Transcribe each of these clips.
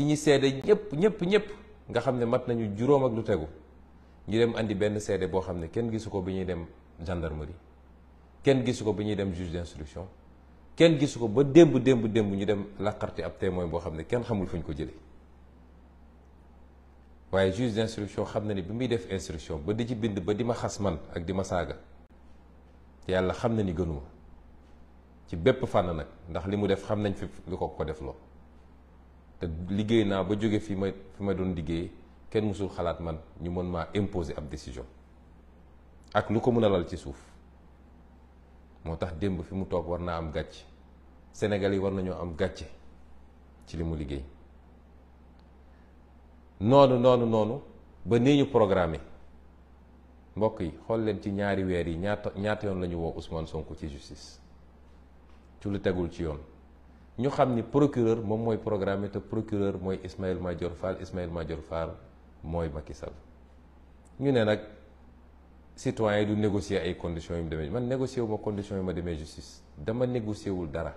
ci ñi seede ñëpp ñëpp ñëpp nga xam ne mat nañu juróom ak lu tegu ñu dem indi benn seede boo xam ne kenn gisu ko bi ñuy dem gendarmerie kenn gisu ko bi ñuy dem juge d'instruction kenn gisu ko ba démb démb démb ñu dem làqarti ab témoin boo xam ne kenn xamul fu ñu ko jëlee waaye juge d'instruction xam na ni bi muy def instruction ba di ci bind ba di ma xas man ak di ma saaga yàlla xam na ni gënuma ci bépp fànn nag ndax li mu def xam nañ fi lu ko ko def loo te liggéey naa ba jóge fi ma fi ma doon liggéey kenn mësul xalaat man ñu mën maa imposer ab décision ak lu ko mën a lal ci suuf moo tax démb fi mu toog war naa am gàcce senegal yi war nañoo am gàcce ci li mu liggéey noonu noonu noonu ba nii ñu programmé mbokk yi xool leen ci ñaari weer yi ñaata ñaata yoon la woo Ousmane sonk ci justice ci lu tegul ci yoon. ñu xam ni procureur moom mooy programme te procureur mooy Ismaïl Madior Fall Ismaïl Madior Fall mooy Macky Sall ñu ne nag citoyen du négocier ay conditions yu mu demee man négocier ma conditions yu ma demee justice dama négocier wul dara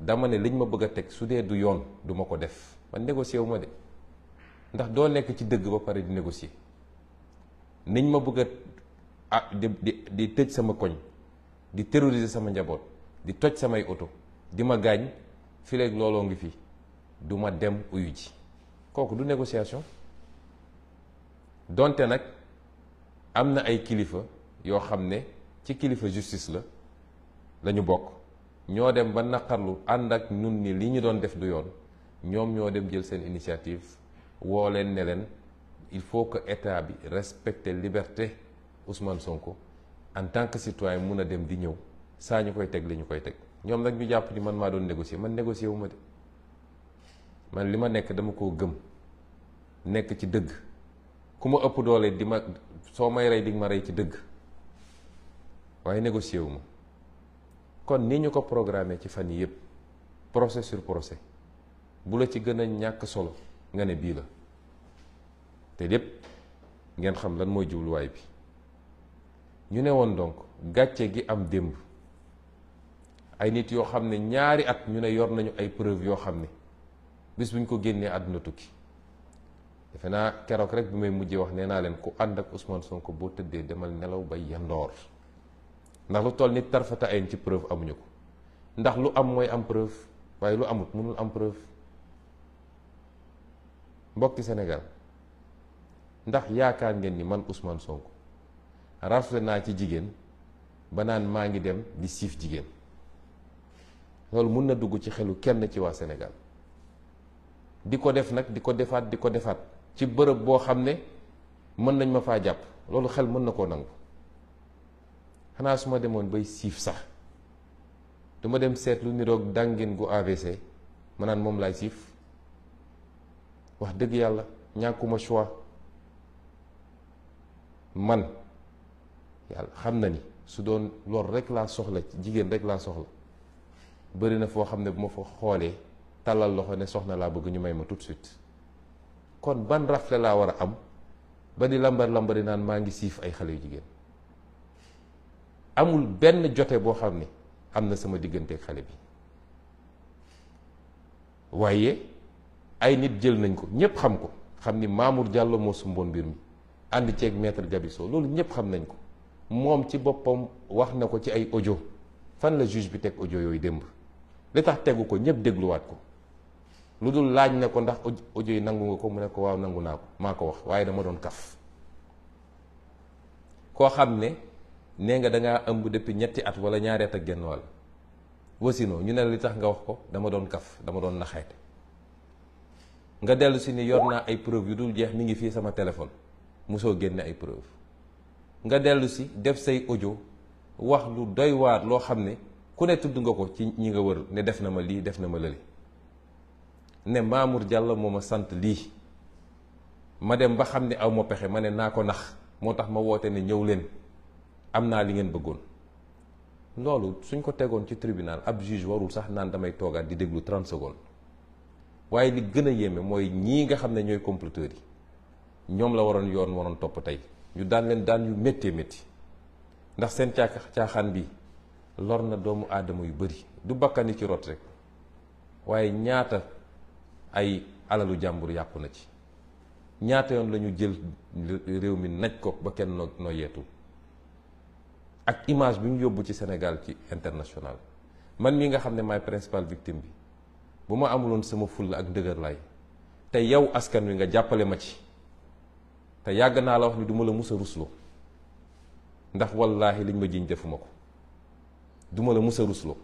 dama ne liñ ma bëgg a teg su dee du yoon duma ko def man négocier wu ma de ndax doo nekk ci dëgg ba pare di négocier niñ ma bëgg a ah di di tëj sama koñ di terroriser sama njaboot di toj samay oto. Dima gagne, filé fileeg looloo ngi fi du dem uyu ji du négociation donté nak amna ay kilifa yo xamné ci kilifa justice la la bokk dem ba nakarlu andak ak nun ni li ñu def du yoon ñom ño dem jël sen initiative wo len ne il faut que état bi respecte liberté Ousmane Sonko en tant que citoyen mun dem di ñew saa koy teg li koy teg ñoom nag ñu jàpp ni man maa doon négocier man négocier wu ma de man li ma nekk dama koo gëm nekk ci dëgg ku ma ëpp doole di ma soo may rey di ma rey ci dëgg waaye négocier wu ma kon ni ñu ko programmé ci fan yi yëpp procès sur procès bu la ci gën a ñàkk solo nga ne bii la te lépp ngeen xam lan mooy jubluwaay bi ñu ne woon donc gàcce gi am démb. ay nit yo xamne ñaari at ñu ne yor nañu ay preuve yo xamne bis buñ ko génnee aduna tukki defena kérok rek bu may mujjé wax néna len ku and ak Ousmane Sonko bo tëddee demal nelaw ba yandor ndax lu toll ni tarfata ay ci preuve amuñu ko ndax lu am moy am preuve waye lu amut mënul am preuve mbokk Sénégal ndax yaakaar ngeen ni man Ousmane Sonko rafle na ci jigen banan maangi dem di sif jigen loolu mun na dugg ci xelu kenn ci waa Sénégal di ko def nag di ko defaat di ko defaat ci bërëb boo xam ne mën nañ ma faa jàpp loolu xel mën na koo nangu xanaa su ma demoon bay siif sax du dem seetlu lu niroog dàngin gu AVC ma moom laay siif wax dëgg yàlla ñàkkuma choix man yàlla xam na ni su doon lool rek laa soxla jigéen rek laa soxla bëri na foo xam ne bu ma fa xoolee tàllal loxo ne soxna laa bëgg ñu may ma tout de suite kon ban rafle laa war a am ba di lambar lambari naan maa ngi siif ay xale yu jigéen amul benn jote boo xam ne am na sama digganteeg xale bi waaye ay nit jël nañ ko ñëpp xam ko xam ni Mamour Diallo moo sumboon mbir mi ànd ceeg maître Gabiso loolu ñëpp xam nañ ko moom ci boppam wax na ko ci ay audio fan la juge bi teg ojo yooyu démb li tax tegu ko ñëpp dégluwaat ko lu dul laaj ne ko ndax audio yi nangu nga ko mu ne ko waaw nangu naa ko maa ko wax waaye dama doon kaf koo xam ne nee nga dangaa ëmb depuis ñetti at wala ñaari at ak genn wàll wasino ñu ne li tax nga wax ko dama doon kaf dama doon naxeete nga dellu si ni yor naa ay preuve yu dul jeex mi ngi fii sama téléphone mosoo génnee ay preuve nga dellu si def say audio wax lu doy waar loo xam ne ku ne tudd nga ko ci ñi nga wër ne def na ma lii def na ma lële ne Mamour Diallo moo ma sant lii ma dem ba xam ne aw ma pexe ma ne naa ko nax moo tax ma woote ne ñëw leen am naa li ngeen bëggoon loolu suñ ko tegoon ci tribunal ab juge warul sax naan damay toogaat di déglu 30 secondes waaye li gën a yéeme mooy ñii nga xam ne ñooy comploteurs yi ñoom la waroon yoon waroon topp tey ñu daan leen daan yu méttee métti ndax seen caaxaan bi lor na doomu aadama yu bëri du bakkani ci rot rek waaye ñaata ay alalu jàmbur yàqu na ci ñaata yoon la ñu jël réew mi naj ko ba kenn noo noo yeetu ak image bi ñu yóbbu ci Sénégal ci international man mii nga xam ne may principal victime bi bu ma amuloon sama fulla ak ndëgër laay te yow askan wi nga jàppale ma ci te yàgg naa la wax ni du ma la mus a rusloo ndax wallaahi liñ ma jiñ defuma ko du ma la musa rusloo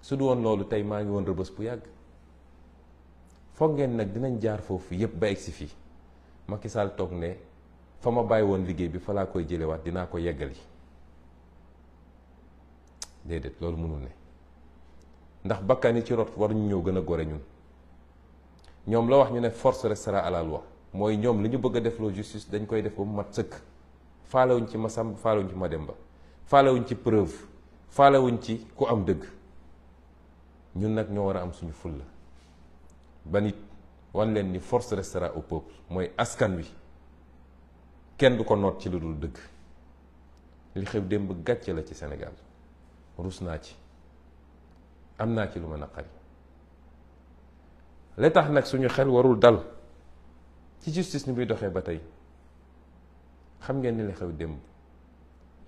su du woon loolu tey maa ngi woon rëbës bu yàgg foog ngeen nag dinañ jaar foofu yépp ba egsi fii Macky Sall toog ne fa ma bàyyi woon liggéey bi fa laa koy jëlewaat dinaa ko yeggali déedéet loolu mënul ne ndax bakkan yi ci rot waruñu ñëw gën a gore ñun ñoom la wax ñu ne force restera à la mooy ñoom lu ñu bëgg a def loo justice dañ koy def ba mu mat sëkk faalewuñ ci Masamba faalewuñ ci Mademba faalewuñ ci preuve faalewuñ ci ku am dëgg ñun nag ñoo war a am suñu fulla ba nit wan leen ni force restera au peuple mooy askan wi kenn du ko noot ci lu dul dëgg li xew démb gàcce la ci senegal rus naa ci am naa ci lu ma naqari li tax nag suñu xel warul dal ci justice ni muy doxee ba tey xam ngeen ni li xew démb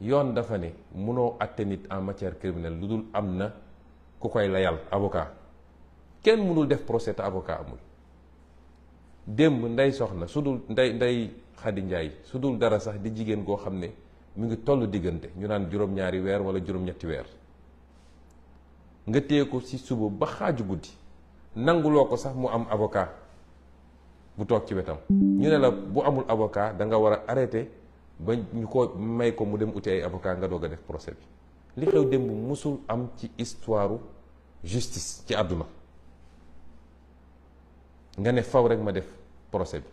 yoon dafa ne munoo atte nit en matière criminelle lu dul am na ku koy layal aboka kenn mënul def procès te avocat amul démb ndey soxna su dul ndey ndey xadi njaay su dul dara sax di jigéen goo xam ne mu ngi toll diggante ñu naan juróom-ñaari weer wala juróom-ñetti weer nga téye ko si suba ba xaaju guddi nanguloo ko sax mu am aboka bu toog ci wetam ñu ne la bu amul avocat da nga war a arrêté ba ñu ko may ko mu dem uti ay avocat nga doog a def procès bi li xew démb musul am ci histoire justice ci àdduna nga ne faw rek ma def procès bi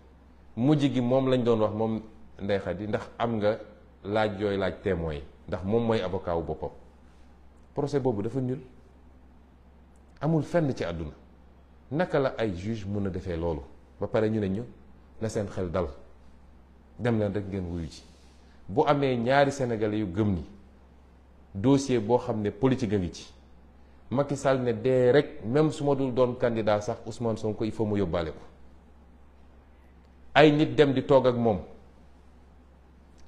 mujj gi moom lañ doon wax moom Ndeye Khady ndax am nga laaj yooy laaj témoin yi ndax moom mooy avocat wu boppam procès boobu dafa nul amul fenn ci àdduna naka la ay juge mun a defee loolu ba pare ñu ne ñu na seen xel dal dem leen rek ngeen wuyu bu amee ñaari sénégalais yu gëm ni dossier boo xam ne politique a ngi ci Macky Sall ne dee rek même su ma dul doon candidat sax Ousmane Sonko il faut mu yóbbaale ko ay nit dem di toog ak moom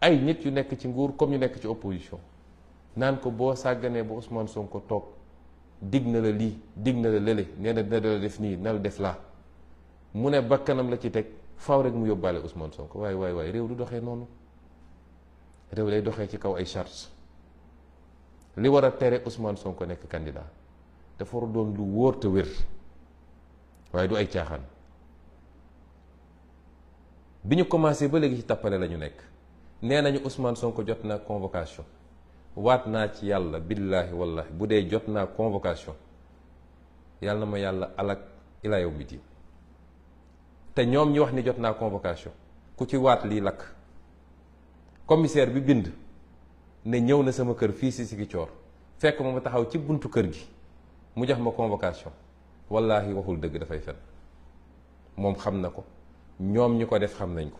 ay nit yu nekk ci nguur comme yu nekk ci opposition naan ko boo sàgganee ba Ousmane Sonko toog digg na la lii digg na la lële nee na dina la def nii na la def laa mu ne bakkanam la ci teg faaw rek mu yóbbaale Ousmane Sonko waay waay waay réew du doxee noonu. réew lay doxee ci kaw ay charge li war a tere Ousmane Sonko nekk candidat dafa war a doon lu wóor te wér waaye du ay caaxaan bi ñu commencé ba léegi ci tappale la nekk nee nañu Ousmane Sonko jot na convocation waat naa ci yàlla billaahi wallahi bu dee jot naa convocation yàlla na ma yàlla alak ilaa yow mi te ñoom ñi wax ni jot naa convocation ku ci waat lii lakk commissaire bi bind ne ñëw na sama kër fii si Ziguinchor fekk ma mu taxaw ci buntu kër gi mu jox ma convocation wallaahi waxul dëgg dafay fen moom xam na ko ñoom ñi ko def xam nañ ko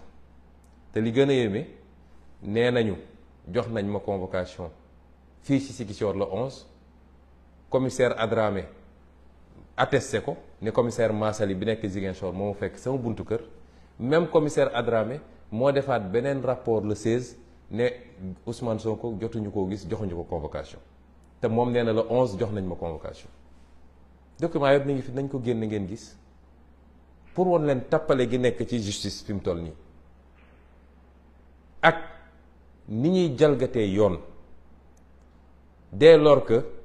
te li gën a yéeme nee nañu jox nañ ma convocation fii ci Ziguinchor le 11 commissaire Adramé attesté ko ne commissaire Massali bi nekk Ziguinchor moo mu fekk sama buntu kër même commissaire Adramé moo defaat beneen rapport le 16 ne Ousmane ko jotuñu koo gis joxuñu ko convocation te moom nee na la 11 jox nañ ma convocation document yëpp mi ngi fi nañ ko génn ngeen gis pour woon leen tappale gi nekk ci justice fi mu toll nii ak ni ñuy jalgatee yoon dès lors